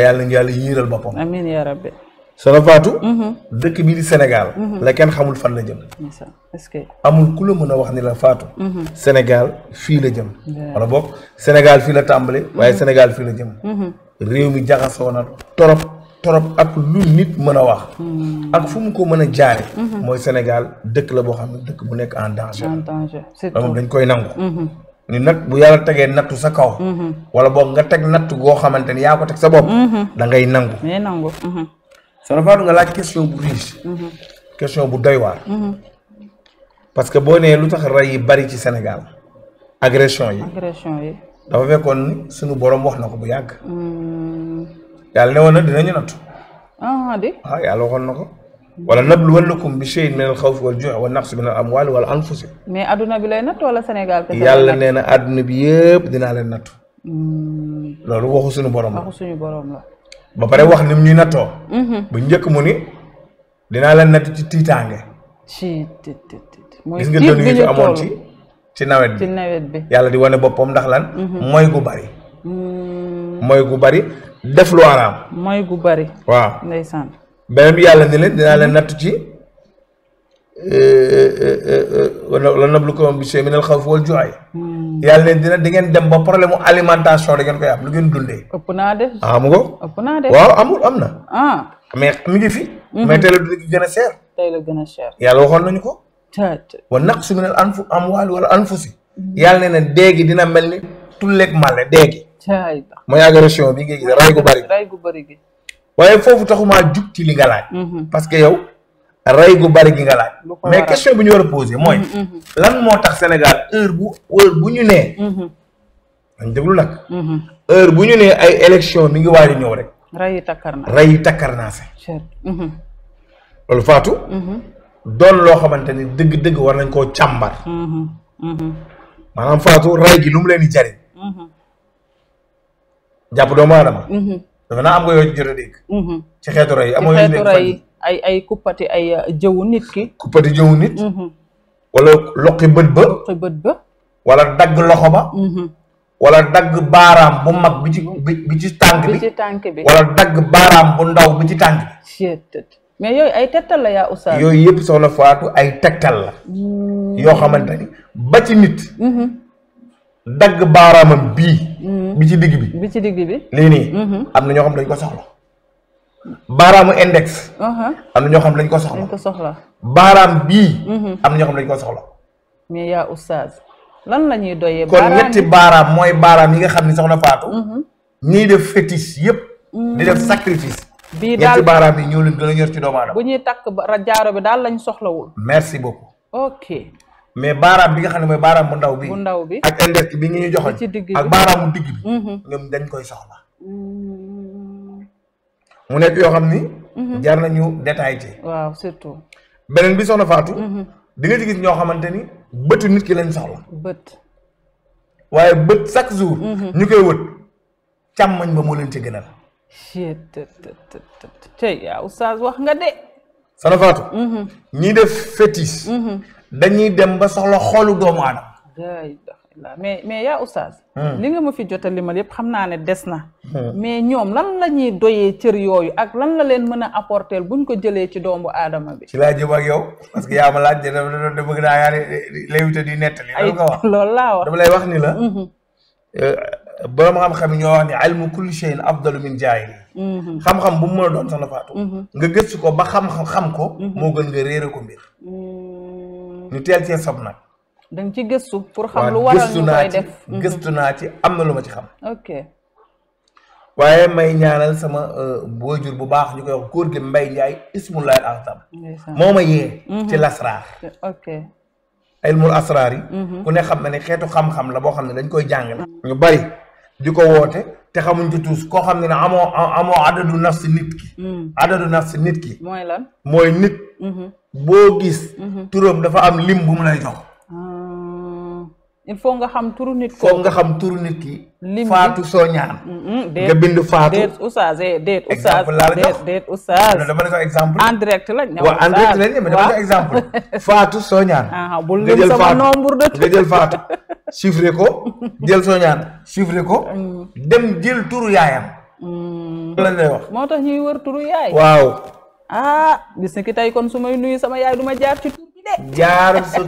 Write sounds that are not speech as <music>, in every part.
yàlla na yàlla yiiral boppam. amiin yaa rabbi. soxna Fatou. Mhm. dëkk bii di Sénégal. Mhm. la kenn xamul fan la jëm. est-ce que amul ku la mën a wax ni la Fatou. Mhm. Sénégal fii la jëm. wala boog Sénégal fii la tàmbale. waaye Sénégal fii la jëm. réew mi jaxasoo torop torop ak lu nit mën a wax. Hmm. ak fu mu ko mën a jaare mooy Sénégal dëkk la boo xam ne dëkk bu nekk en danger. en danger dañ koy nangu. ni nag bu yàlla tegee nattu sa kaw. Mhm. wala boog nga teg nattu goo xamante ni yaa ko teg sa bopp. dangay ngay nangu. da ngay nangu. Mhm. soxna Fatou nga laaj question bu riche. Mhm. question bu doy waar. parce que boo nee lu tax rey yi bari ci Sénégal agression yi. agression yi. dafa fekkoon ni suñu borom wax na ko bu yàgg. Mm. yàlla ne woon na dinañu nattu. Ah, di. ah yàlla waxoon na ko. wala nabluwannakum bi shay'in min al-khawfi wal ju'i wa naqsi min al-amwali wal anfusi. mais adduna bi lay natt wala Sénégal. kese yàlla nee na adduna bi yëpp dinaa leen nattu. Hmm. loolu waxu suñu borom la suñu ba pare wax ni ñuy nattoo. Mm-hmm. bu njëkk mu ni dinaa leen natt ci tiitaange. ci ti gis nga dënnu yi ci nawet bi ci yàlla di wane boppam ndax lan. Mm-hmm. mooy gu bari. Mm. mooy gu bari def lu araam. mooy gu bari. waaw beneen bi yàlla ni leen dinaa leen natt ci la eh, eh, eh, nablukum bi shay'in minal xawfi wal juu'i hmm. yàlla leen di ngeen dem ba problème mu alimentation da ngeen koy am lu ngeen dundee. ëpp naa de. Ah, ko ëpp naa waaw amul am na. ah mais mi ngi fi. Hmm. mais tey la dund gi gën a cher. yàlla waxoon nañu ko. wa naqsin minal anfu amwaal wala anfusi. Hmm. yàlla ne ne dee gi dina mel ni tulleeg màlle dee gi. mooy agression bi ngay gis rey gu bari. rey waaye foofu taxumaa jug ci li nga laaj. Mhm. parce que yow rey gu bari gi nga laaj. mais question bi ñu war a posé mooy. Mhm, mhm. lan moo tax Sénégal heure bu heure bu ñu nee. dañ déglu bu ñu nee ay élection mi ngi waaj ñëw rek. rey yi takkar naa naa se. loolu Fatou. doon loo xamante ni dëgg-dëgg war nañ koo càmbar. maanaam Fatou rey gi lu mu leen di jariñ. jàpp doomu aadama. dafa naa am nga yooyu jot a dégg mhm. ci xeetu rey amoo ci ay ay kuppati ay uh, jëwu nit ki kuppati jëwu nit mhm. wala loqi bët ba loqi ba wala dagg loxo ba mhm. wala dagg baaraam bu mag bi ci bi ci tànk bi ci dagg baaraam bu ndaw bi ci tànk bi mais yooyu ay tegtal la yaa oustaz yooyu yëpp soxna Fatou ay tegtal la mm. yoo xamante ba ci nit dagg baaraamam bii. Mm-hmm. bi ci digg bi bi ci digg bi. lii nii. Mm-hmm. am na ñoo xam dañ ko soxla. baaraamu index. Uh-huh. am na ñoo xam dañ ko soxla dañ ko soxla. baaraam bii. Mm-hmm. am na ñoo xam dañ ko soxla. mais yaa oustaz lan la ñuy doyee. kon ñetti baaraam mooy baaraam yi nga xam ni soxna Fatou. ñiy def fétiche yëpp. di def sacrifice. bii daal baaraam yi ñoo leen gën a ñor ci doomu aadama. bu ñuy takk jaaro bi daal lañ soxlawul. merci beaucoup. mais baaraam bi nga xam ne mooy baaraam bu ndaw bi bu ndaw bi ak index bi ngi ñu joxoñ ak baaraamu digg bi mhm. ñoom dañ koy soxla mm. mu nekk yoo xam ni mhm. jar nañu détaillé ci waaw surtout beneen bi soxna Fatou mhm. di nga ñoo xamante ni bëtu nit ki lañ soxla bët waaye bët chaque jour ñu koy wët càmmoñ ba moo leen ci gënal tey yaa oustaz wax nga de soxna Fatou ñii def fétiche dañuy dem ba soxla xoolu doomu aadama. mais mais yaa oustaz. Hmm. li nga ma fi jot a limal yëpp xam naa ne des na. Hmm. mais ñoom lan la ñuy doyee cër yooyu ak lan la leen mën a apporter buñ ko jëlee ci doomu aadama bi. ci laa jëm ak yow parce que yaa ma laaj da da bëgg naa yaa léegi di nettali. wax <laughs> loolu laa wax dama lay wax ni la. Mm-hmm. Euh, borom xam-xam ñoo wax ni almu kulli shay'in afdalu min jaahil mm-hmm. xam-xam bu mu mën a doon sax na faatu. Mm-hmm. nga gëstu ko ba xam-xam ko. moo gën ko ñu teel cee sob nag. da nga ci gëstu pour xam lu waral ñu koy def mhm. gëstu naa ci am na lu ma ci xam. ok waaye may ñaanal sama boojur euh, bu baax ñu koy wax góor gi Mbay yaay ismullahi al-azam moo ma yee. Mhm. ci lasraar. ok ilmul yi. Mhm. ku ne xam na ne xeetu xam-xam la boo xam ne dañ koy jàngale. ñu bari. di ko woote te xamuñ ci tuus koo xam ne ne amoo amoo adadu nafsi nit ki mm. adadu nafsi nit ki mooy lan mooy nit mm-hmm. boo gis mm-hmm. turam dafa am lim bu mu lay jox ah. il faut nga xam turu nit nga xam turu nit ki faatu soo ñaan nga bind faatu déet oustaz déet oustaz déet oustaz dama ne <laughs> soo ñaan ah, bul lim sama nombre de nga jël faatu <laughs> chiffré ko jël soñaan chiffré ko. Mm. dem jël turu mm. moo tax ñuy wër turu yaay. waaw. ah bis tey kon su may nuyu sama yaay du ma jaar ci tur bi de. jaar sa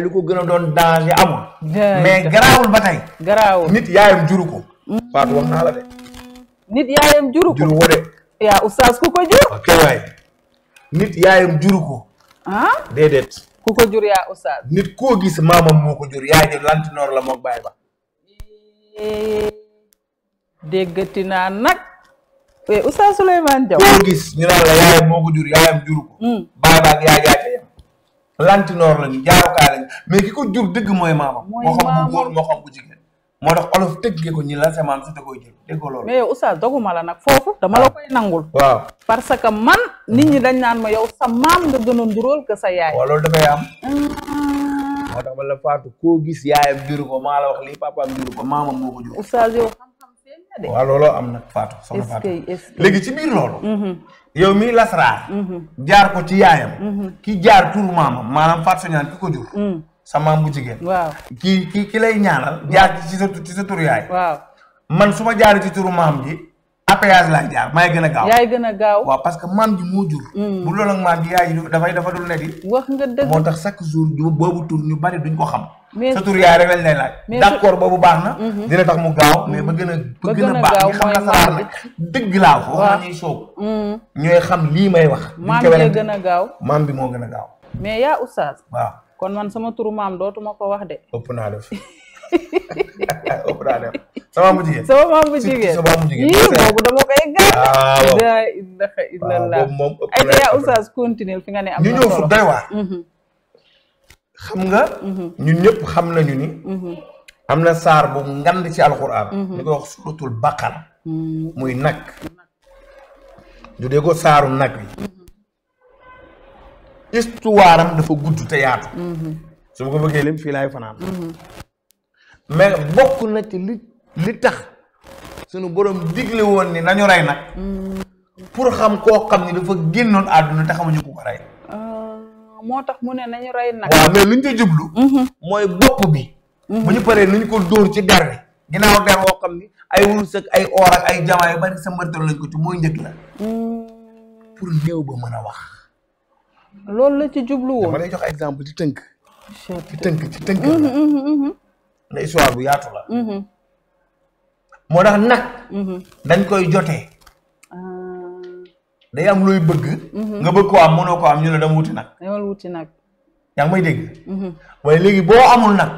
lu ko gën a doon danger amul. mais garaawul ba tey. garaawul nit yaayam juru ko. Mm. Fatou wax naa la de. nit yaayam juru ko de. yaa oustaz ku ko jur. ok nit yaayam juru ko. ah déedéet. ku ko jur yaa oustaz. nit koo gis maamam moo ko jur yaay ji lantinoor la moog baay ba. déggati naa nag. oui eh, oustaz Souleymane Diaw. koo gis ñu naan la yaayam moo ko jur yaayam juru ko. Hmm. baay ba ak yaay yaa ca yem. lantinoor lañu jaarukaay lañu mais ki ko jur dëgg mooy maamam. mooy maamam moo xam bu góor moo xam bu jigéen. moo tax olof tëggee ko ñi la semence su da koy la nag foofu dama la ah. koy nangul. waaw parce que ñi dañ naan ma yow sa maam nga gën a nduróol que sa yaay. waaw loolu dafay am. Ah. moo tax ma la faatu koo gis yaayam juru ko maa la wax lii papaam juru ko maamam moo ko jur. oustaz yow xam-xam feeñ na de. waaw ki ko jur. Mhm. sa maam bu jigéen. waaw ki ki ki lay ñaanal. jaar ci sa ci sa turu yaay. man su ma jaar ci turu maam ji. appayage laay jaar maay gën a gaaw. yaay gën a gaaw waaw parce que maam ji moo jur. Mm. bu loolu maam ji dafay dafa wax nga dëgg moo tax chaque jour boobu tur ñu bari ko xam. mais sa tur boobu baax na. Mm-hmm. dina tax mu gaaw mais ba gën a. ba gën a baax xam na laa ko. waaw ñuy mm. xam lii may wax. maam bi gën a gaaw maam bi moo gën a gaaw. mais yaa oustaz. waaw. kon man sama turu maam dootuma ko wax de. ëpp naa def <laughs> ëpp naa def sama maamu jigéen. sama maamu jigéen sama maamu jigéen. yii boobu dama koy gàll. Ah, waaw daa ilaha illallah boobu moom ëpp naa ay oustaz continue fi nga ne am na solo ñu ñëw fu doy waar. Mhm. xam nga. Mhm. ñun ñëpp xam nañu ni. Mhm. am na saar bu ngand ci alquran. ñu koy wax suratul baqara. muy nag. du dee ko saaru nag bi. histoire dafa gudd te yaatu. Mhm. su ma ko bëggee lim fii laay fanaan. mais bokk na ci li li tax sunu borom digle woon ni nañu rey nag. Mhm. pour xam koo xam ni dafa génnoon àdduna te xamuñu ku ko rey. Ah, moo tax mu ne nañu rey nag. waaw mais luñ ci jublu. Mhm. mooy bopp bi. bu ñu paree nañ ko dóor ci dar bi. ginnaaw der woo xam ni ay wurus ay or ak ay jamaay bari sa mërtal lañ ko ci mooy njëkk la. Mm. pour néew ba mën a wax. loolu la ci jublu woon. dama lay jox exemple ci tënk. ci tënk ci tënk. na mm-hmm, mm-hmm, mm-hmm. histoire bu yaatu la. moo tax nag. dañ koy jotee. Ah. day am looy bëgg. nga bëgg ko am mënoo ko am ñu ne dama wuti nag. dama nag. yaa ngi may dégg. waaye léegi boo amul nag.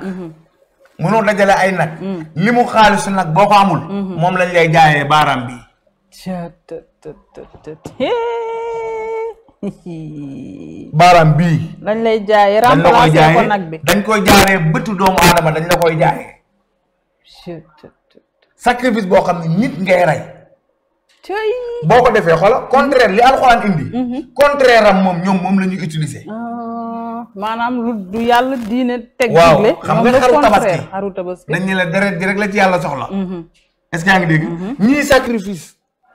mënoo dajale ay nag. Mm. li mu xaalisu nag boo ko amul. moom lañ lay jaayee baaraam bi. <laughs> baaraam bii. dañ lay jaayee remplacé ko nag bi dañ koy jaaree bëtu doomu aadama dañ la koy jaayee. sacrifice boo xam ne nit ngay rey. boo ko defee xoola contraire li alxuraan indi. Mm-hmm. contraire moom ñoom moom la ñuy utiliser. Ah, maanaam lu du yàlla diine teg digle xam nga xaru tabaski xaru tabaski dañ ne la deret ji rek la ci yàlla soxla mm-hmm. est yaa ngi dégg mm-hmm. ñii sacrifice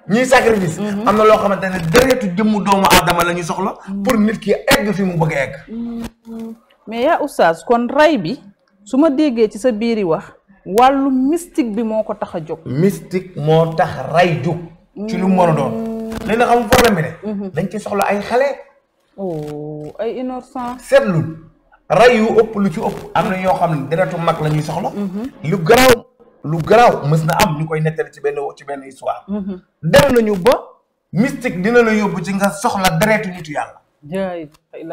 ñuy sacrifice. Mm-hmm. am na loo xamante ne deretu jëmmu doomu aadama la ñuy soxla. Mm-hmm. pour nit ki egg fi mu bëgg egg. Mm-hmm. mais yaa oustaz kon ray bi su ma déggee ci sa biir yi wax wàllu mystique bi moo ko tax a jóg. mystique moo tax ray jóg. ci lu mu mën a doon. léegi nag xam problème bi ne. dañ ci soxla ay xale. oh ay innocent. seetlu ray yu ëpp lu ci ëpp. am na ñoo xam ne deretu mag la ñuy soxla. lu garaaw lu garaaw mës na am ñu koy nettali ci benn ci benn histoire. dem nañu ba mystique dina la yóbbu ci nga soxla deretu nitu yàlla. jërëjëf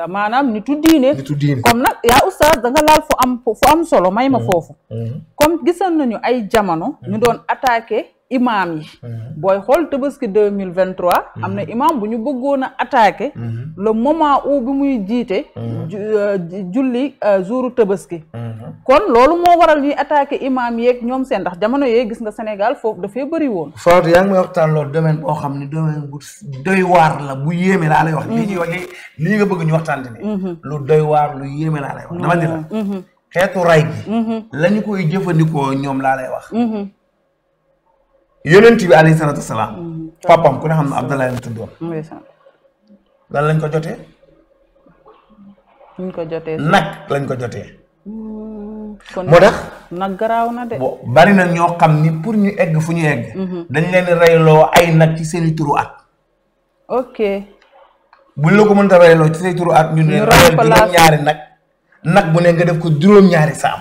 maanaam nitu diine. nitu diine comme nag yaa oustaz danga nga laal fu am fu am solo may ma mm. foofu. Mm. comme gisoon nañu ay jamono. ñu mm. doon attaqué. imaam yi mhm. booy xool tabaski deux mille vingt trois am na mhm. imaam bu ñu bëggoon a attaqué mhm. le moment où bi muy jiite euh, julli euh, jouru tabaski kon loolu moo waral ñuy attaqué imaam yeeg ñoom seen ndax jamono yee gis nga Sénégal foofu dafay bëri woon Fatou yaa ngi mooy waxtaan loolu domaine boo xam ne domaine bu doy waar la bu yéeme laa lay wax lii ñuy lii nga bëgg ñu waxtaan ne lu doy waar lu yéeme laa lay wax dama ni la xeetu ray gi koy jëfandikoo ñoom laa yonent bi alayhi salaatu salaam. Mm-hmm. papaam ku ne xam ne Abdallah la tuddoon. lan lañ ko jotee. ñu ko jotee nag lañ ko jotee. Mm-hmm. kon moo tax nag garaaw na de. bo bari na ñoo xam ni pour ñu egg fu ñu egg. Mm-hmm. dañ leen di reyloo ay nag ci seen i turu at. ok. buñ la ko mënta reyloo ci seen turu at. ñu ne reyal juróom-ñaari nag. nag bu ne nga def ko juróom-ñaari saam.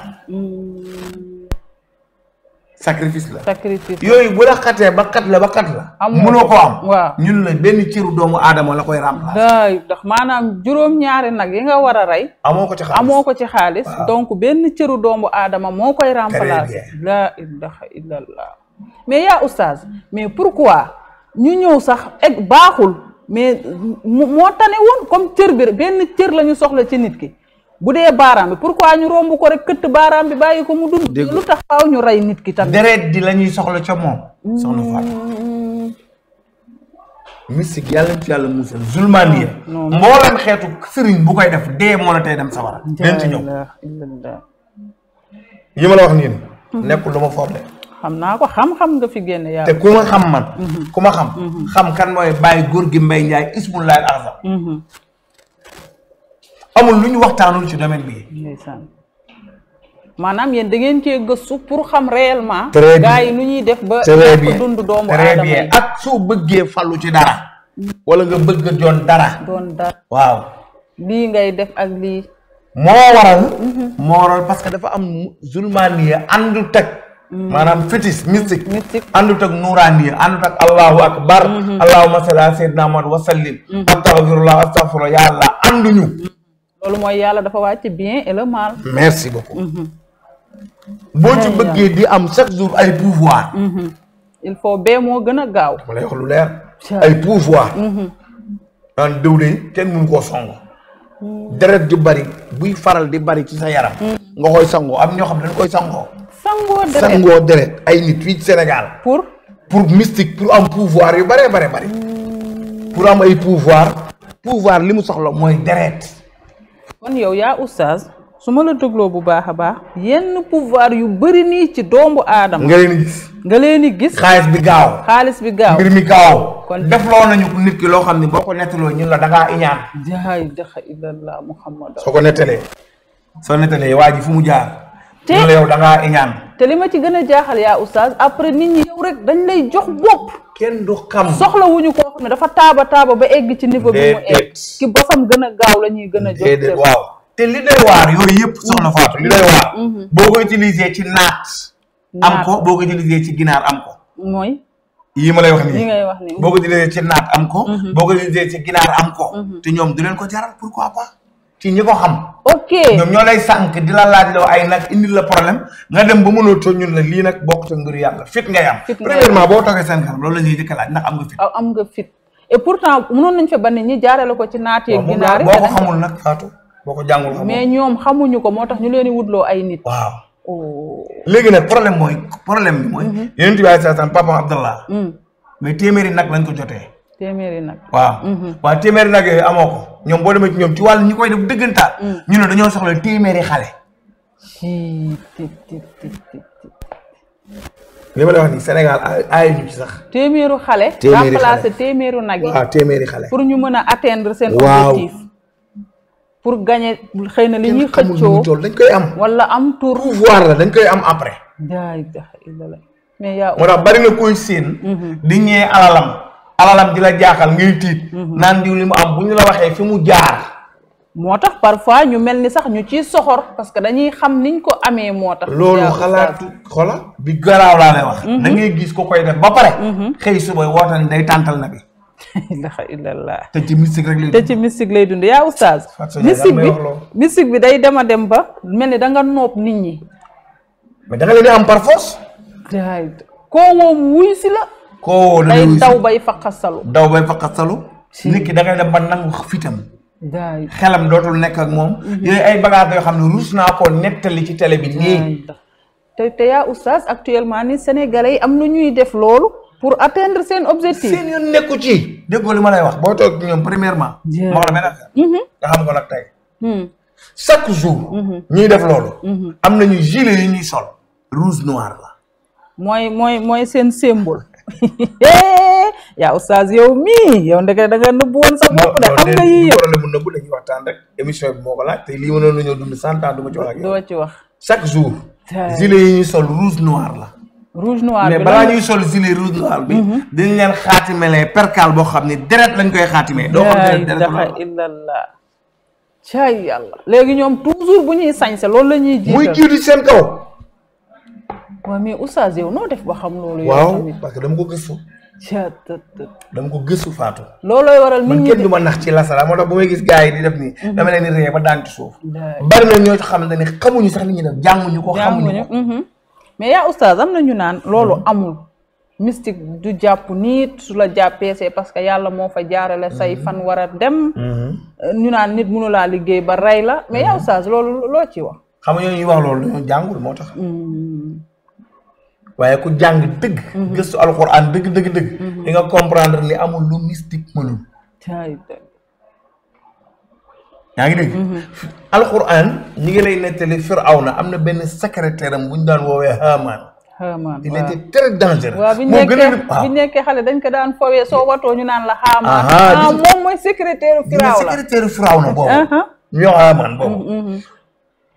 sacrifice la sacrifice yooyu bu la xatee ba xat la ba xat la. mënoo ko am waaw ñun la benn ciru doomu aadama la koy remplacer. daay maanaam juróom-ñaari nag yi nga war a rey. amoo ko ci xaalis amoo ko ci xaalis. donc benn ciru doomu aadama moo koy. remplacer la ilaha illallah mais yaa oustaz mais pourquoi ñu ñëw sax egg baaxul mais moo tane woon comme cër bi benn cër la ñu soxla ci nit ki. bu dee baaraam bi pour pourquoi ñu romb ko rek këtt baaraam bi bàyyi ko mu dund. lu tax faaw ñu rey nit ki tamit. deret di la ñuy soxla ca moom. soxna yàlla mm. mystique yàlla ci yàlla musal zulmaaniya. mboolem xeetu sëriñ bu koy def dee moo la tey dem sawara. dinañ ci ñëw yi ma la wax nii. Mm-hmm. nekkul lu ma forle. xam naa ko xam-xam nga fi génn yaa te ku ma xam man. Mm-hmm. ku ma xam. Mm-hmm. xam kan mooy bàyyi góor gi Mbaye Ndiaye ismullahi azam. amul lu ñu waxtaanul ci domaine bi. ndeysaan maanaam yéen da ngeen cee gëstu pour xam réellement. très yi nu ñuy def ba. très bien dund doomu aadama yi ak soo bëggee fallu ci dara. wala nga bëgg doon dara. doon dara waaw. lii ngay def ak lii. moo waral. Mhm. moo parce que dafa am zulmaaniya àndut ak. Mhm. maanaam fétiche mystique. mystique àndut ak nuuraaniya àndut ak allahu akbar. Mhm. allahumma salli ala sayyidina Muhammad wa sallim. astaghfirullah astaghfirullah yàlla ànduñu. loolu mooy yàlla dafa wàcc bien et le mal. merci beaucoup. Mm-hmm. boo ci bëggee di am chaque jour ay pouvoir. Mm-hmm. il faut bee moo gën a gaaw. ma lu leer. ay pouvoir. daan mm-hmm. déwle kenn mënu koo song. Mm. deret ju bari buy faral di bari ci sa yaram. Mm. nga koy sangoo am ñoo xam ne dañ koy sangoo. sangoo deret ay nit fii Sénégal. pour pour mystique pour am pouvoir yu bare bare bari. Mm. pour am ay pouvoir. pouvoir li mu soxla mooy deret. kon yow yaa oustaz su ma la dégloo bu baax a baax yenn pouvoir yu bëri nii ci doomu aadama. nga leen gis. nga leen gis. xaalis bi gaaw. xaalis bi gaaw mbir mi gaaw. kon defloo nañu nit ki loo xam ne boo ko nettaloo ñun la dangaa ngaa iñaan. jaay daxa illallah muhammad. soo ko nettalee. soo nettalee waa ji fu mu jaar. te ñun la yow da ngaa iñaan. te li ma ci gën a jaaxal yaa oustaz après nit ñi yow rek dañ lay jox bopp. kenn du xam soxla wuñu koo xam ne dafa taaba taaba ba egg ci niveau bi mu egg ki bosam gën a gaaw la ñuy gën a jóg waaw te li doy waar yooyu yëpp soxna mm-hmm. Fatou li doy waar mm-hmm. boo ko utiliser ci naat am ko boo ko utiliser ci ginaar am ko ma lay wax nii boo ko utiliser ci naat am ko mm-hmm. boo ko am ko te ñoom du leen ko jaral pourquoi pas ci ñi ko xam. ok ñoom ñoo lay sànq di la laaj loo ay nag indil la problème nga dem ba mënoo too ñun la lii nag bokk sa ngir yàlla fit ngay am. premièrement boo toogee seen kanam loolu la ñuy jëkk laaj ndax am nga fit. am nga fit et pourtant mënoon nañ fa ba jaarale ko ci naat yeeg. ginaar boo ko xamul nag Fatou boo ko jàngul xamul. mais ñoom xamuñu ko moo tax ñu leen wut loo ay nit. waaw oh. léegi nag problème mooy problème bi mooy. yéen a ngi tuddee ay papaam Abdallah. Mm. mais téeméeri nag lañ ko jotee. téeméeri nag. waaw mhm. waaw téeméeri nag yooyu amoo ko ñoom boo demee ci ñoom ci wàllu ñu koy def dëggantaan. Mm. ñu ne dañoo soxla téeméeri xale. li ma la wax Sénégal aayuñu sax. téeméeru xale. téeméeri xale remplacer nag yi. waaw téeméeri xale. pour ñu mën a atteindre seen. objectif pour gagner xëy na li ñuy xëccoo dañ koy am. walla am tour dañ koy am après. mais yaa. moo tax bari seen. Mhm. di ñee alalam. alalam di la jaaxal ngay tiit. Mhm. naan diw li mu am bu ñu la waxee fi mu jaar. moo tax parfois ñu mel ni sax ñu ciy soxor parce que dañuy xam niñ ko amee moo tax. loolu xalaatu xola bi garaaw laa lay wax. Mhm. da gis ko koy def ba pare. Mhm. xëy suba woote ni day tàntal na bi. alhamdulilah <laughs> te ci mystique rek lay dund te ci mystique lay dund yaa oustaz. mystique bi mystique bi day dem a dem ba mel ni da nga noob nit ñi. mais da leen am par koo woo wuy si la. koo daw bay faqasalu daw bay faqasalu nit ki da ngay dem ba nangu fitam xelam dootul nekk ak moom mhm. yooyu ay bagages yoo xam ne ruus naa koo nettali ci télé bi nii te te yaa oustaz actuellement ni sénégalais yi am na ñuy def loolu pour atteindre seen objectif seen yoon nekku ci déggoo li ma lay wax boo toog ñoom premièrement ma wax la benn affaire mhm. nga hmm. chaque jour mhm. ñuy def loolu nañu gilet yi ñuy sol rouge noir la mooy mooy mooy seen symbole <laughs> yaa oustaz yow mii yow ndeke da nga nëbbu woon sa bopp de xam nga yii yow non nëbbu dañuy waxtaan rek émission bi moo ko laaj te lii mënoon nañoo dund cent ans du ma wax ak yow. doo ci wax chaque jour. gilet yi ñuy sol rouge noir la. rouge noir bi balaa ñuy sol gilet rouge noir bi. Mhm. dañ leen xaatimelee percal boo xam ne deret lañ koy xaatimee. doo xam deret la caay yàlla léegi ñoom toujours bu ñuy sañse loolu la ñuy jiital muy jiitu seen kaw. waaw mais oustaz yow noo def ba xam loolu. yow tamit waaw parce que dama ko gëstu. dama ko waral nit ñi man kenn nax ci lasara moo tax bu may gis gars yi di def nii. Mhm. dama leen ñoo xamante ne xamuñu sax li ñuy def jànguñu ko. xamuñu mhm. mais yaa oustaz ñu naan loolu mhm. amul. mystique du jàpp nit su la jàppee c'est parce que yàlla moo fa jaarale say fan war a dem. ñu naan nit mënu laa liggéey ba rey la mais yaa oustaz loolu loo ci wax. xam nga ñooñu wax loolu dañoo jàngul moo tax. waaye ku jàng dëgg. Mhm. gëstu alxuraan dëgg dëgg dëgg. Mhm. di nga comprendre ni amul lu mystique mënul. yaa ngi dégg. Mhm. alxuraan ñi ngi lay nettali na am na benn secrétaire bu ñu daan woowee Haamaan. Haamaan il était très dangereux. waaw bi ñu nekkee xale dañ ko daan fowee soo watoo ñu naan la Haamaan. ah moom mooy secrétaire Firawna dina boobu. ñu wax boobu.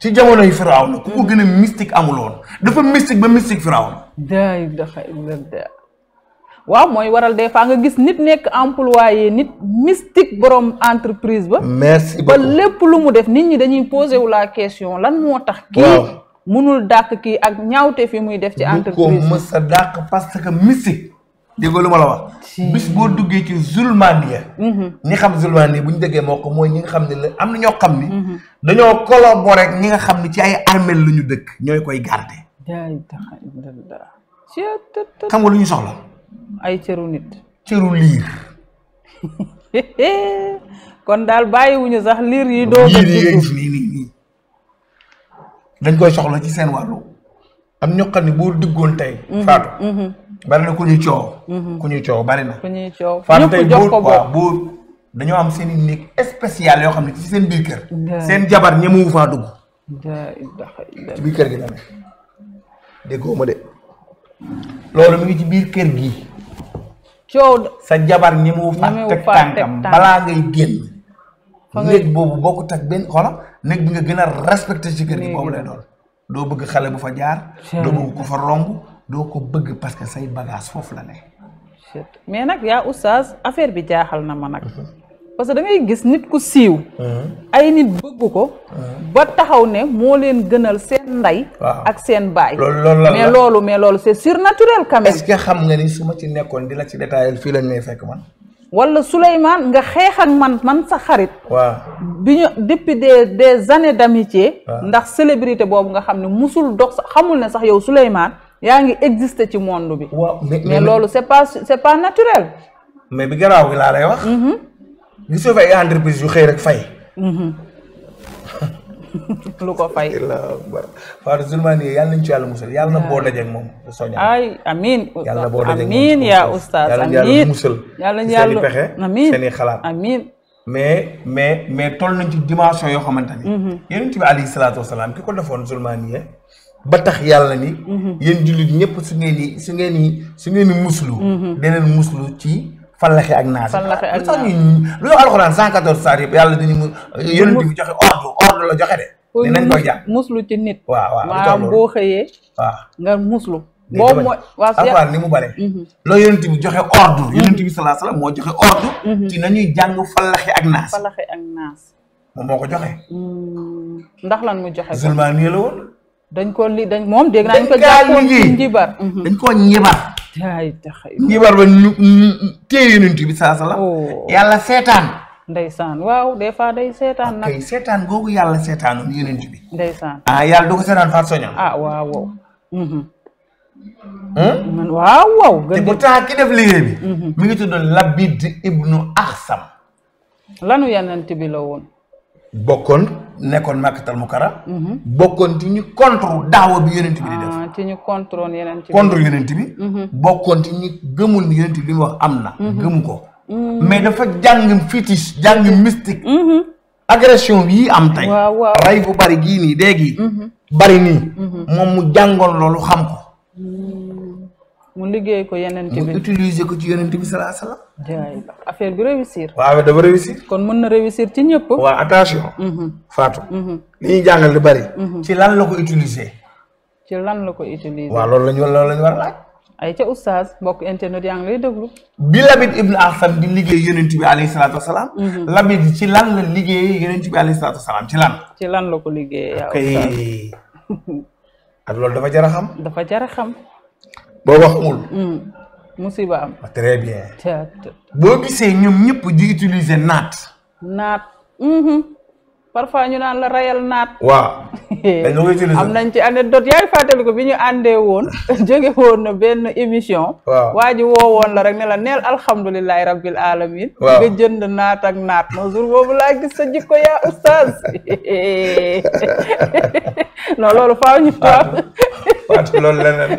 ci jamonoy Firawna ku ko gën a mystique amuloon dafa mystique ba mystique Firawna. daay dafa waaw mooy waral des fois nga gis nit nekk waaye nit mystique borom entreprise ba. merci beaucoup ba lépp lu mu def nit ñi dañuy posé wu la question lan moo tax. kii mënul dàq kii ak ñaawte fi muy def. ci entreprise bi ko mës a dàq parce que mystique. déggoo lu ma la wax. bis boo duggee ci zulmaniya. Mhm. ñi xam zulmaniya bu ñu déggee moo ko mooy ñi nga xam ne la am na ñoo xam ni. Mhm. dañoo collaborer rek ñi nga xam ne ci ay armée la ñu dëkk. ñooy koy garder. jaay taxa ibdallah xam nga lu ñu soxla ay cëru nit cëru liir <laughs> kon daal bàyyiwuñu sax liir yi doo liir yi dañ koy soxla ci seen wàllu am ñoo xam ne boo duggoon tey mhm, faatu mhm. bari na ku ñuy coow mhm. ku ñuy coow bari na ku ñuy faatu tey boo dañoo am seen i néeg spécial yoo xam ne ci seen kër seen jabar ñemewu dugg gi la nekk déggoo ma de loolu mi ngi ci biir kër gi coow sa jabar ñi mu fa teg tànkam balaa ngay génn néeg boobu bokkut ak benn xoola néeg bi nga gën a respecté ci kër gi boobu lay doon doo bëgg xale bu fa jaar doo bëgg ko fa romb doo ko bëgg parce que say bagage foofu la ne mais nag yaa oustaz affaire bi jaaxal na ma nag mhm. parce que da ngay gis nit ku siiw. Uh-huh. ay nit bëgg ko. Uh-huh. ba taxaw ne moo leen gënal seen ndey. ak seen baay. mais loolu mais loolu c'est surnaturel quand même. est-ce que xam nga ni su ma ci nekkoon di la ci détaillé fii lañ may fekk man. wala Souleymane nga xeex ak man man sax xarit. waaw bi ñu depuis des des années d'amitié. ndax célébrité boobu nga xam ne musul dox xamul ne sax yow Souleymane yaa ngi existe ci monde bi. waaw mais loolu c'est pas c'est pas naturel. mais bi garaaw gi laa lay gisoo fa ay entreprise yu xëy rek fay. Mhm. <laughs> lu ko fay. Fatou Zulmani yàlla nañu ci yàlla musal yàlla na boo dajeeg moom. ay amiin. yàlla na boo dajeeg moom amiin yaa oustaz amiin yàlla yàlla musal. yàlla yàlla seen i i mais mais mais toll nañ ci dimension yoo xamante ni. Mhm. yonent bi alayhi salaatu wasalaam ki ko defoon Zulmani yee ba tax yàlla ni. Mhm. yéen jullit ñëpp su ngeen su ngeen su ngeen di muslu. deneen muslu ci. fallaxe ak naas. fallaxe ak naas lu tax alxuraan 114 saar yëpp yàlla dañu mu yonent bi joxe ordre ordre la joxe de. ne nañ koy jàng muslu ci nit. waaw waaw maanaam boo xëyee. waaw nga muslu. boo mooy waaw alxuraan ni mu bare. Mm-hmm. loolu yonent bi joxe ordre. Mm-hmm. yonent bi salaa salaam moo joxe ordre. Mm-hmm. ci nañuy jàng fallaxe ak naas. fallaxe ak naas. moom moo ko joxe. ndax lan mu joxe. musulmaan nii la woon. dañ ko li dañ moom dégg naa ñu ko jàppoon dañ koo njibar. ñi war ba ñu téye yonent bi saa sala oh. yàlla seetaan ndeysaan waaw des fa day seetaan nag seetaan googu yàlla seetaanul yonent bi ndeysaan ah yàlla du seetaan faat soño ah waaw waaw mhm. te pourtant ki def liggéey bi mhm. mi ngi tudd Labid ibnu Axsam lanu yonent bi la bokkoon nekkoon màkkatal mu kara mhm. bokkoon ci ñu contre daawa bi yonent bi di def. Ah, ci ñu contre woon bi contre yonent bi. Mhm. bokkoon ci ñu gëmul ni yonent bi li am na. Mhm. gëmu ko. mais dafa jàng fétiche jàng mystique. agression yii am tey. rey bu bari gii nii dee gi bari nii. moom mu jàngoon loolu xam ko. mu liggéey ko yeneen bi mu utiliser ko ci yeneen bi salaa salaam. affaire bi réussir. waaw dafa réussir. kon mën na réussir ci ñëpp. waaw attention. Mhm. Fatou. Mhm. li jàngal lu bari. Mhm. ci lan la ko utiliser. la ko utiliser. waaw loolu la ñu la ñu war a laaj. ay ca oustaz mbokk internet yaa ngi lay déglu. bi Labid ibn Ahsan di liggéey yeneen bi alayhi salaatu wa salaam. Labid ci lan la liggéey yeneen bi alayhi salaatu wa salaam ci lan. ci yaa oustaz ak dafa jar a dafa jar a boo wax amul. Mm. musiba am. Ah, très bien. boo gisee ñoom ñëpp di naat. naat. Mm-hmm. parfois ñu naan la rayal naat. waaw <laughs> am nañ ci anecdote yaay fàttali ko bi ñu àndee woon <laughs> jóge woon na benn émission. waaw waa ji woo woon la rek ne la neel alhamdulilahi rabbil alamin waaw nga jënd naat ak naat non jour laa sa jikko yaa oustaz. <laughs> loolu faaw ñu toog. Ah. waaw loolu leneen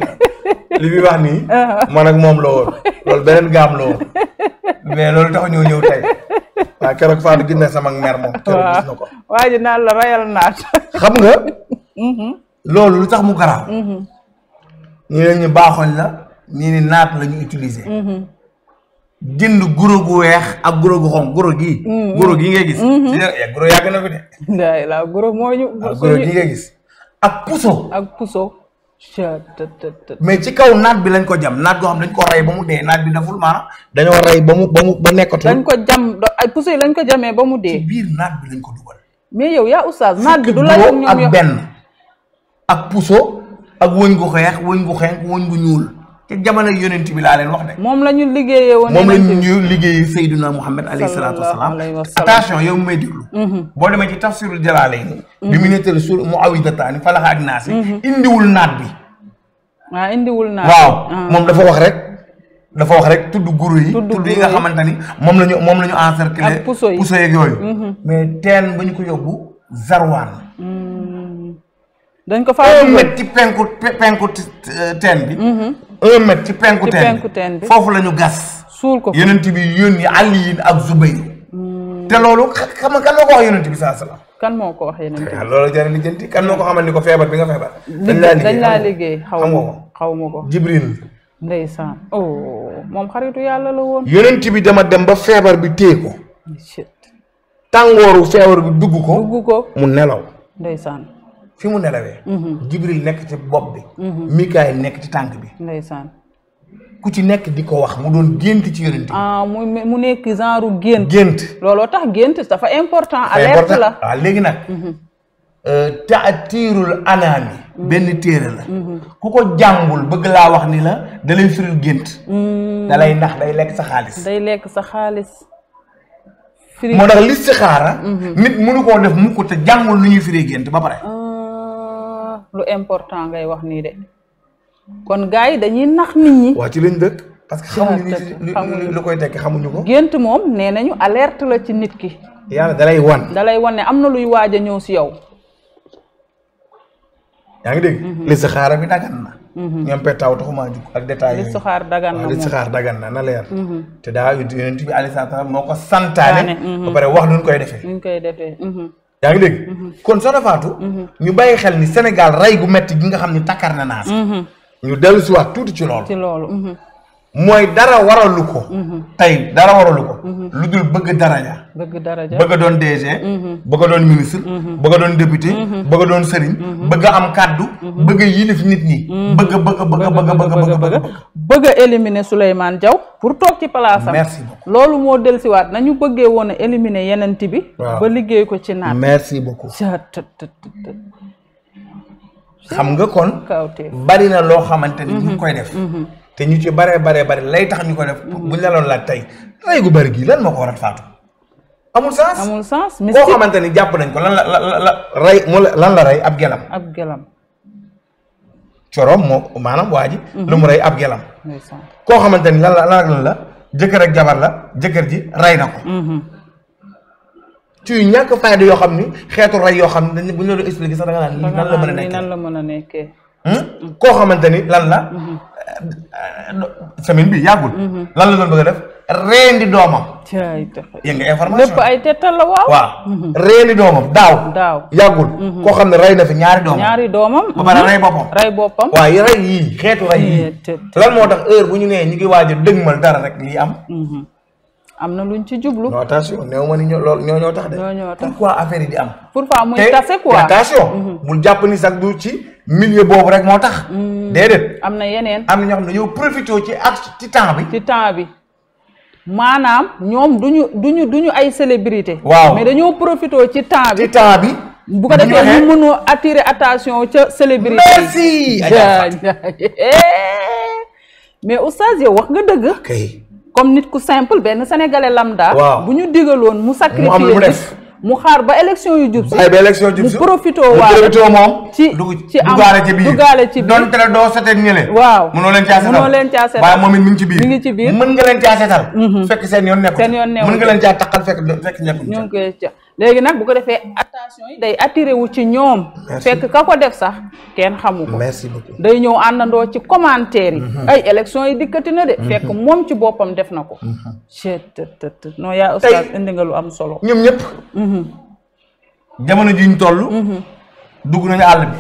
li muy wax nii. Ah. man ak moom la woon loolu beneen gaam la woon mais loolu tax ñoo ñëw tey waaw keroog Fatou gis na sama mer moom. keroog gis na ko. waa ji naan la rayal naat. xam nga. Mm-hmm. loolu lu tax mu gara mm-hmm. ñii la ñu baaxoon la ñii ni naat la ñu utiliser. dind mm-hmm. guro gu weex ak guro gu xonq guro gii. guro gii ngay gis. ya guro yàgg na fi de. ndaay la guro moo ñu. Ah, guro gii ngay gis ak puso. ak puso. mais ci kaw naat bi lañ ko jam naat goo xam dañ ko rey ba mu dee naat bi daful maanaam dañoo rey ba mu ba mu ba nekkatul. ko jam ay puso lañ ko jamee ba mu dee. ci biir naat bi lañ ko dugal. mais yow yaa oustaz naat bi du la yow ñoom ak benn ak puso ak wëñ gu xeex wëñ gu xenk wëñ gu ñuul te jamono yonent bi laa leen wax de. moom la ñu liggéeyee woon moom la ñu liggéeyee Seydina Muhammad alayhi salaatu wasalaam attention yow may déglu mhm. boo demee ci tafsirul Jalaalayni mhm. bi mu nettali sur muawidataani falax ak naas mhm. indiwul naat ah, bi waaw indiwul naat waaw moom dafa wax rek dafa wax rek tudd guru yi tudd yi nga xamante ni moom la moom la ñu encercler puso yi puso yooyu mhm. mais teen ba ñu ko yóbbu zarwaan mm. dañ ko fa mhm. un mètre ci penku teen bi un mètre ci penku teen foofu la ñu gas suul ko yonent bi yónni Aliyin ak Zubayru mm. te loolu xam nga kan moo ko wax yonent bi saa salaam kan moo ko wax yonent bi ah, loolu jar lijjanti kan moo ko xamal ni ko feebar bi nga feebar dañ laa liggéey xaw ma ko xaw ma ko jibril ndeysaan oh moom xaritu yàlla la woon. yonent bi dama dem ba feebar bi téye ko. tàngooru feebar bi dugg ko. dugg ko mu nelaw. ndeysaan. fi mu nelawee. Mm-hmm. jibril nekk ci bopp bi. Mm-hmm. mikaayil nekk ci tànk bi. saan ku ci nekk di ko wax mu doon gént ci yonent bi. Ah, mu nekk genre gént. gént looloo tax gént dafa important. alerte la ah, léegi nag. Mm-hmm. taatiirul anaami benn téere la ku ko jàngul bëgg laa wax ni la da lay firil gént hmm. da lay nax day lekk sa xaalis day lekk sa xaalis moo tax listixaara mhm. ko te jàngul lu ñuy firee gént ba pare ah, lu important ngay wax nii de kon gars yi dañuy nax nit ñi ci lañ parce que xamuñu lu koy tekki xamuñu ko gént moom nee nañu alerte la ci nit ki yàlla dalay wan dalay wan ne am na luy waaj a ñëw si yow yaa ngi dégg. Mhm. listixaara bi dagan na. Mhm. ñoom petaaw taxumaa jug ak détail yooyu listixaar dagan na listixaar dagan na na leer. Mhm. te daa yonent bi aleyhi salaatu moo ko santaane. ba pare wax nu ñu koy defee. nu koy defee. yaa ngi dégg. kon Soxna Fatou. ñu bàyyi xel ni Sénégal rey gu metti gi nga xam ni takkar na naas. ñu dellu si waat tuuti ci loolu. ci loolu. mooy dara waralu ko. tey dara waralu ko. lu dul bëgg daraja. bëgg daraja bëgg doon DG. bëgg doon ministre. bëgg doon député. bëgg doon sëriñ. bëgg am kàddu. bëgg yilif nit ñi. bëgg bëgg bëgg bëgg bëgg bëgg. bëgg a éliminer Souleymane Diaw pour toog ci palaasam. merci beaucoup loolu moo dellusiwaat nañu bëggee woon a éliminer yeneen bi. ba liggéey ko ci naat. merci beaucoup. xam nga kon. bari na loo xamante ni ñu koy def. te ñu ci baree baree bare lay tax ñu ko def. Mhm. buñ la loon laaj tey rey gu bari gii lan moo ko war a faatu. amul sens amul sens. mystique koo xamante ni jàpp nañ ko lan la la la rey lan la rey ab gelam. ab gelam. moo maanaam waa ji. Mhm. lu mu rey ab gelam. koo xamante ni lan la lan la jëkkër ak jabar la jëkkër ji rey na ko. Mhm. ci ñàkk fayda yoo xam ni xeetu rey yoo xam ne dañ bu ñu la doon expliqué la mën a nekkee. nan a nekkee. koo xamante ni lan la. Euh, semaine bi yàggul. Mhm. lan la doon bëgg a def rendi doomam. yéen nga information lépp ay tettal la waaw. waaw mhm. rendi doomam daaw. daaw yàggul. Mhm. koo xam ne rey na fi ñaari doomam. ñaari doomam. ba pare rey boppam. rey boppam waaye rey yii xeetu rey yii. lan moo tax heure bu ñu nee ñu ngi waaj a dëgmal dara rek lii am. am na lu ñu ci jublu. non attention néew ma ni ñoo loolu ñoo ñoo tax de. ñoo ñoo tax pourquoi affaire yi am. pour muy tase quoi te attention. mu mhm. jàpp ni sax du ci milieu boobu rek moo tax. Mhm. déedéet. am na yeneen am na ñoo xam ne yow profité ci at ci temps bi. ci temps bi maanaam ñoom duñu duñu duñu ay célébrité. waaw mais dañoo profité ci temps bi ci temps bi. bu ko defee ñu mënoo attirer attention ca célébrité merci. <laughs> mais oustaz yow wax nga dëgg. comme nit ku simple benn sénégalais lambda. waaw bu ñu digaloon mu. sacrifier mu def mu xaar ba élection yu jub si. ay ba élection jub si mu profité moom. ci ci am ci biir donte ne doo seteeg ñële. waaw mënoo leen leen caa setal waaye moom it mi ngi ci biir mi ngi nga leen caa setal. Mhm. fekk seen yoon nekkul seen yoon nga leen caa taqal fekk fekk nekkul. ñu ngi koy léegi nag bu ko defee attention yi day attiré wu ci ñoom. fekk ka ko def sax kenn xamu ko. day ñëw àndandoo ci commentaire yi. Mhm. ay élection yi dikkati na de. Mhm. fekk moom ci boppam def na ko. Mhm. je te te yaa oustaz indi nga lu am solo. ñoom ñëpp. jamono ji ñu toll. dugg nañu àll bi.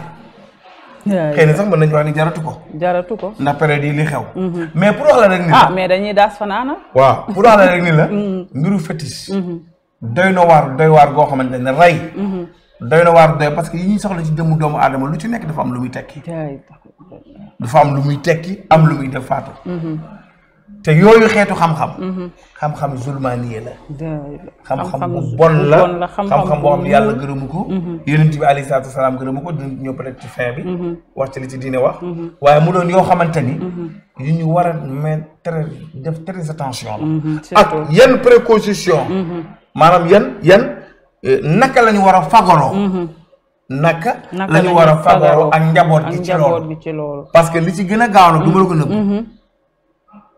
xëy na sax mën jaratu ko. jaratu ko ndax période yi xew. mais pour wax la rek ni la ah, mais dañuy daas fanaana. waaw pour wax la rek ni la. <laughs> mbiru fétiche. doy na waar doy waar goo xamante ne rey. Mhm. doy na waar doy parce que yi ñuy soxla ci jëmmu doomu aadama lu ci nekk dafa am lu muy tekki. dafa am lu muy tekki am lu muy def faatu. Mhm. te yooyu xeetu xam-xam. Mhm. xam-xam zulmaaniye la. xam-xam bu bon la xam-xam boo xam ne yàlla gërëmu ko. yonent bi alayhi salaatu wasalaam gërëmu ko dinañ ñëw peut ci fin bi. wax ci li ci diine wax. waaye mu doon yoo xamante ni. yu ñu war a mettre def très attention la. ak yenn précaution. maanaam yan yan eh, naka lañu war a fagoroo. Mhm. naka la ñu war a fagoroo ak njaboot gi ci loolu parce que li ci gën a gaaw nag du ma la ko nëbb. Mhm. Mhm.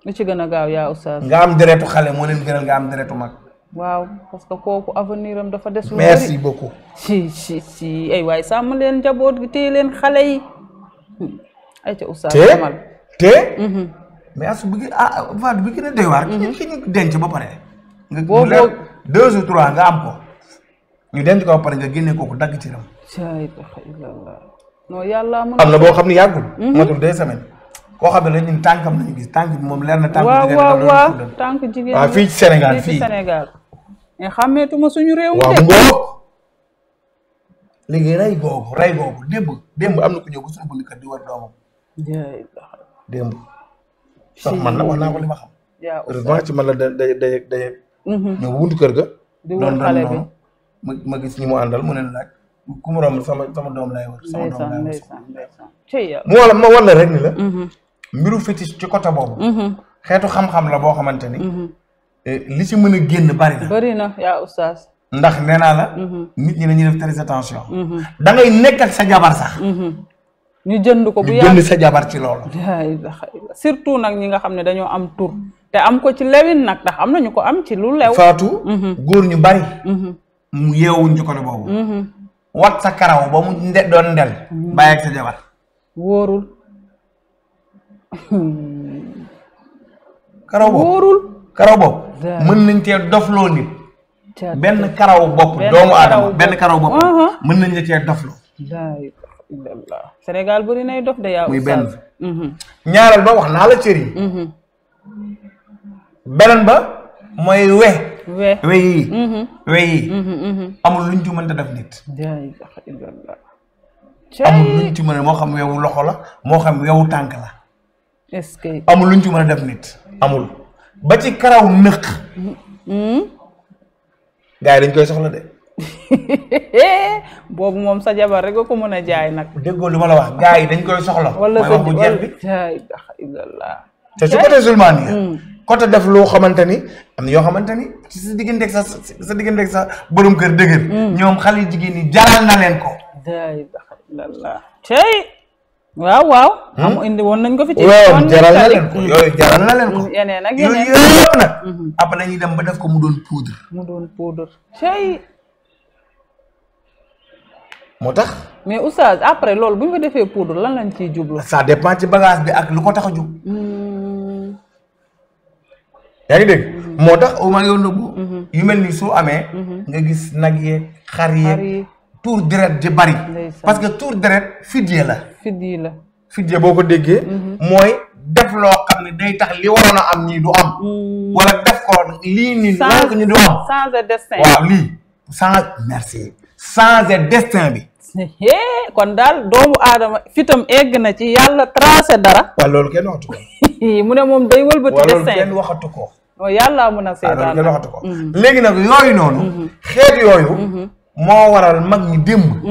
li ci gën a gaaw yaa oustaz. nga am deretu xale moo leen gënal nga am deretu mag. waaw parce que kooku avenir am dafa des. lu bëri merci si si si ay waay sàmm leen njaboot gi téye leen xale yi. ay ca oustaz Kamal te te. mais as bu gi ah Fane bi gën a doy ki ñu denc ba pare. nga deux ou nga am ko ñu denc ko pare nga génne kooku dagg ci ram. non yàlla mën am na boo xam ne yàggul. Mhm. matul deux semaine koo xam ne la ñun tànkam nañu gis tànk bi moom leer na. tànk jigéen waaw waaw tànk jigéen ah, fii ci Sénégal fii Sénégal. mais xàmmeetuma suñu réew mi de. waaw léegi rey googu rey googu démb démb am na ku ñëw ba suñu bunt kër di war doomam. démb. si man na wax naa ko li ma xam. heureusement ci man la day day day ñëw mm-hmm. buntu kër ga. di wër xale ma ma gis ñi mu àndal mu leen laaj ku mu romb sama sama doom lay wër. sama doom lay rek ni la. Mm-hmm. mbiru fétiche ci côté boobu. Mm-hmm. xeetu xam-xam la boo xamante ni. Eh, li si mën a génn bari na. na yaa oustaz. ndax nee naa la. nit ñi dañuy def très attention. da ngay nekk ak sa jabar sax. ñu jënd ko bu yàgg ñu jënd sa jabar ci loolu. surtout nag ñi nga xam ne dañoo am tur. te am ko ci lewin nag ndax am na ñu ko am ci lu lew. faatu. Mhm. góor ñu bari. Mhm. mu yeewuñ ci côté boobu. Mhm. wat sa karaw ba mu nde doon ndel. bàyyi ak sa jabar. wóorul. karaw boobu mën nañ te dofloo nit. benn karaw bopp doomu aadama benn karaw bopp. mën nañ la cee dofloo. Sénégal buri nay dof de yaa. muy benn. ñaareel wax naa la cër beneen ba mooy we we we yi mm-hmm. we yi mm-hmm, mm-hmm. amul luñ ci mënta def nit amul luñ ci mën moo xam weewu loxo la moo xam weewu tànk la est amul luñ ci mën a def nit amul ba ci karaw nëq gars yi dañ koy soxla de <laughs> boobu moom sa jabar rek nga ko mën a jaay nag déggoo li ma la wax gaa yi dañ koy soxla wala sa jabar te su côté zulmaan yi côté def loo xamante ni am yoo xamante ni ci sa sa sa digganteeg sa borom kër dëgër. Mm. ñoom xale jigéen ñi jaral na leen ko. alhamdulilah tey. waaw waaw. xam hmm? indi woon nañ ko fi. waaw jaral na leen ko mm-hmm. yooyu jaral mm-hmm. dem ba def ko mu doon poudre. mu doon poudre tey. moo tax. mais oustaz après loolu bu ñu ko defee poudre lan lañ ciy jublu. ça dépend ci bagage bi ak lu ko tax a jub. Mm. yaa dégg mm-hmm. moo tax au moins yow nëbbu. yu mel ni su amee. Mm-hmm. nga gis nag yeeg xar yeeg. tour deret di bari. parce que tour deret fidye la. fidye la fidye boo ko déggee. Mm-hmm. mooy def loo xam ne day tax li waroon a am nii du am. Mm. wala def ko lii nii. sans ñu du am waaw lii sans merci. changer destin bi. kon daal doomu aadama fitam egg na ci yàlla tracé dara. waaw loolu kenn waxatu ko. <laughs> mu ne moom day wëlbati destin waaw loolu kenn waxatu ko. yàlla mun a seetaan ah, la mm-hmm. léegi nag yooyu noonu mm-hmm. xeet yooyu mm-hmm. moo waral mag ñi démb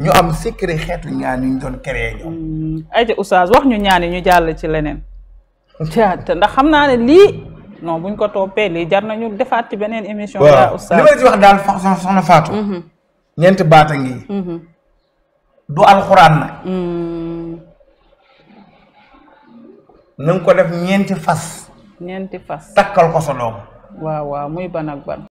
ñu am secret xeetu ñaan yi ñu doon créé ñoom ayca oustaz wax ñu ñaan yi jàll ci leneen jaata ndax xam naa ne lii non buñ ko toppee lii jar nañu defaat ci beneen émission daa oustaz li ma ci wax daal fa soxna Fatou ñeenti baat a ngi du alxuraan na nga ko def ñeenti fas ñeenti fas. takkal ko sa doom. waaw waaw muy ban ak